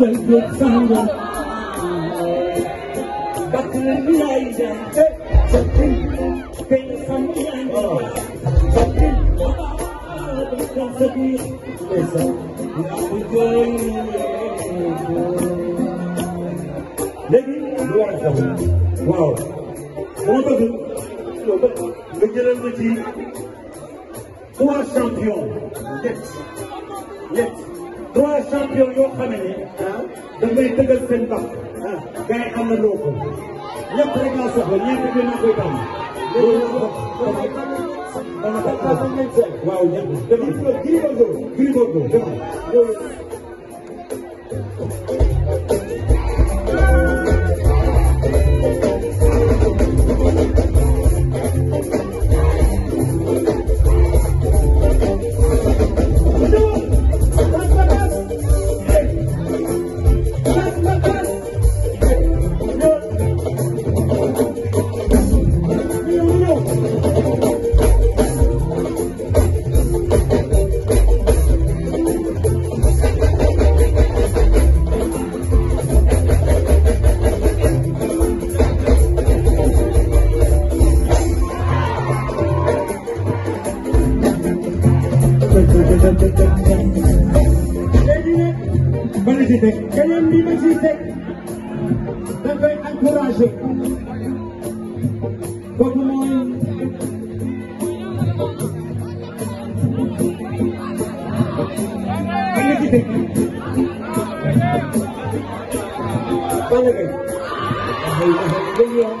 jël jël sànga bakk na mi lay dem jëppin benn sam i andi jëppin bakkan sa biir ndeysaan yaa ngi jooy léegi lu war a xew waaw moo bëgg nga jëlal ma ci trois champions net net trois champions yoo xam ne. da ngay tëggal seen bàq. Ah. gars yi àndandoo ko. ñëpp rek laa soxla ñeenti bi maa koy tàmm. loolu laa bokk. waaw ñëpp demal. Gris Bordeaux Gris Bordeaux demal. bari ci teg keneen bi ma ci teg dafay encouragé kooku mooy bari ci teg bari kay dafay dafay dëgg yoon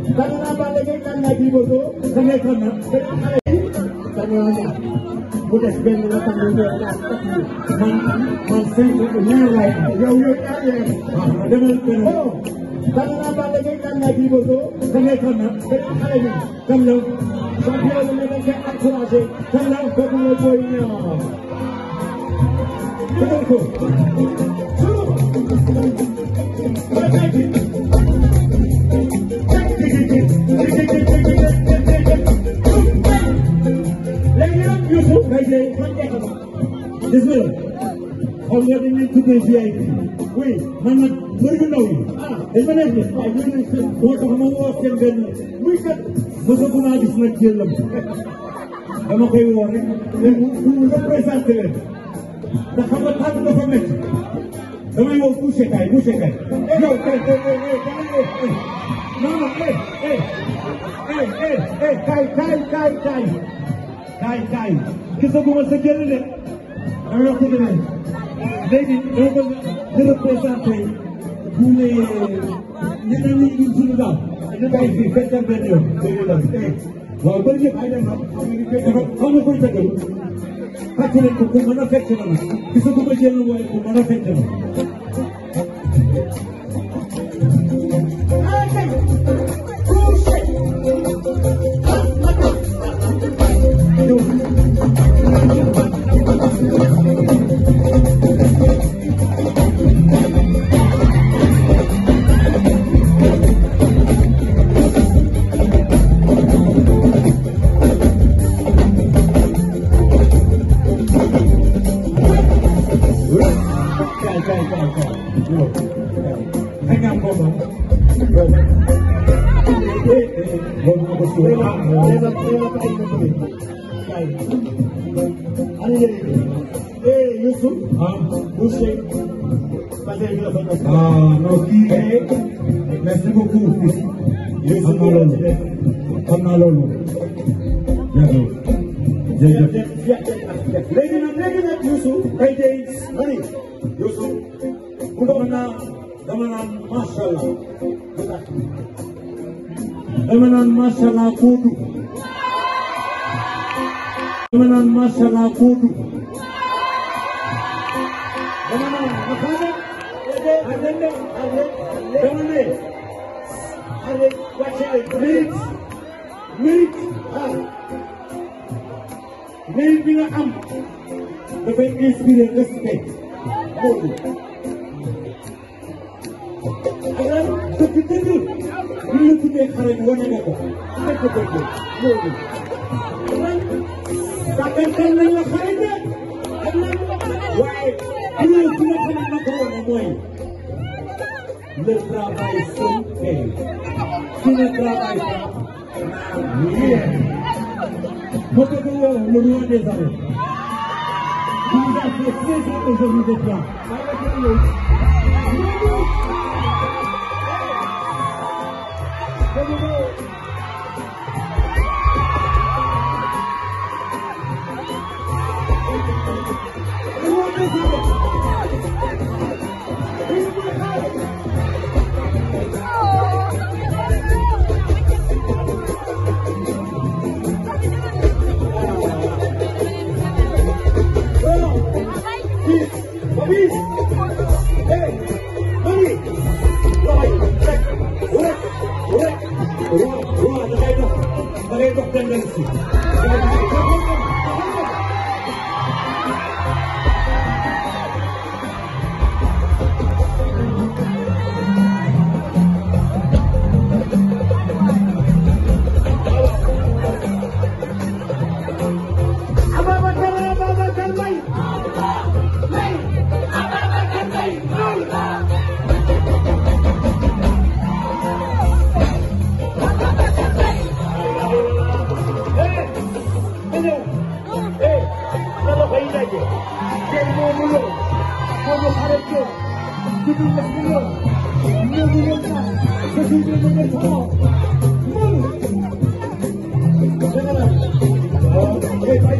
Kami nampak lagi kan lagi bodoh, kami kena. Kami hanya boleh beli datang dulu dan man mansi yang lain. Jauh yang dengan penuh. Kami nampak lagi kan lagi bodoh, kami kena. Kami sampai menemukan akurasi, kami ketemu poinnya. Betul. Betul. des VIP oui man nag bëri ndaw yi ah dañ ma nekk de waaye ñu ne moo tax ma woo seen benn muy kat mosatu naa gis nag jëlam dama koy woo rek mais mu mu représenté leen ndax xam nga tànn dafa métti damay woo Boucher Kaay Boucher Kaay yow non non eh eh eh eh kaay kaay kaay kaay kaay kaay gisaguma sa jël de dama la ko jëlee léegi day bëgg di représenté tous les ñeneen ñi ñu suñu daal. tey fii fekk na benn yoon. waaw ba léegi ay nañu xam nga koy dëggal fàttali ko ku mën a fekk na la. gis nga ku ma jël waaye ku mën a fekk na. merci beaucoup. xam naa loolu jërëjëf léegi nag léegi nag Youssou kay tey mani Youssou dama naan macha allah dama naan macha allah koo dugg dama naan macha allah koo dugg dama naan dama ne mérite mérite ah mérite bi nga am dafay inspiré respect xarañ dëgg dëgg buñ la tuddee xarañ wane nga ko dëgg dëgg loolu sàggantal nañ la xarañ de waaye na ko wane mooy le travail seul paye si le travail Moi, c'est le, le loin des arrêts. Il nous a fait 16 ans Ruang, ruang, ada kaedah. Ada kaedah dan dari situ.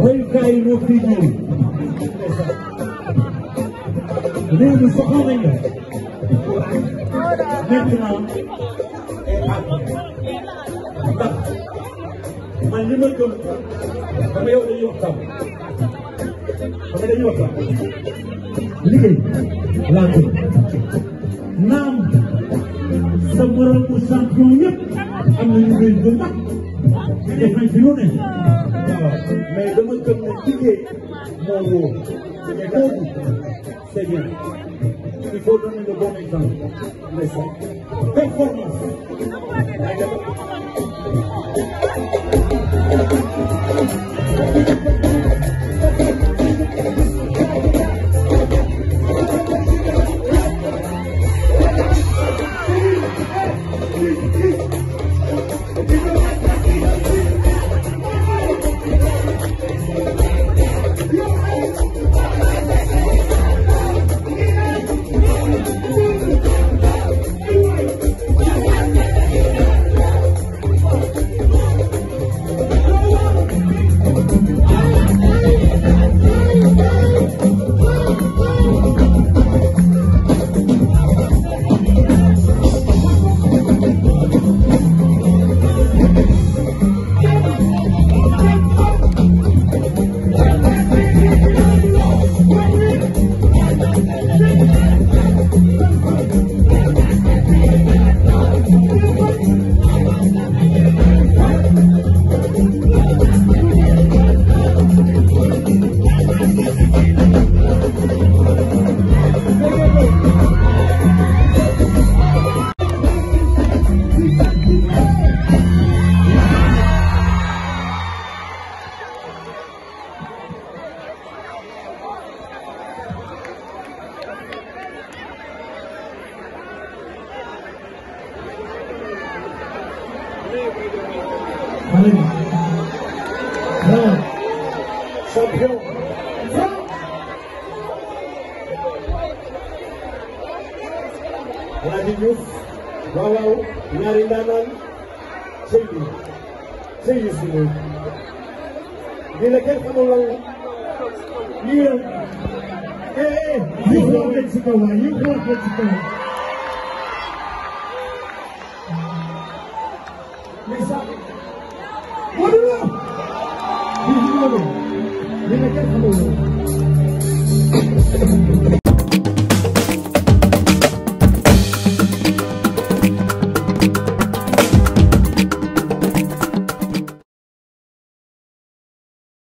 woykaay moo fi ñëw léegi soxla nañu maintenant ndax man li ma gëm dama yow dañuy waxtaan dama dañuy waxtaan liggéey waa kër naam sa moromu champion yëpp am na ñu koy gën nag def nañ fi lu ne mais dama gëm ne liggéey moo wóor kooku c'est bien il faut donner le bon exemple performance Alaaji Diouf waaw waaw ñaari ndaanaan sëy bi sëy bi si ñoom lii la kenn xamul lan la lii la eh eh ñu xool leen si kaw waaye ñu xool leen si kaw mais sax wala la lii la kenn xamul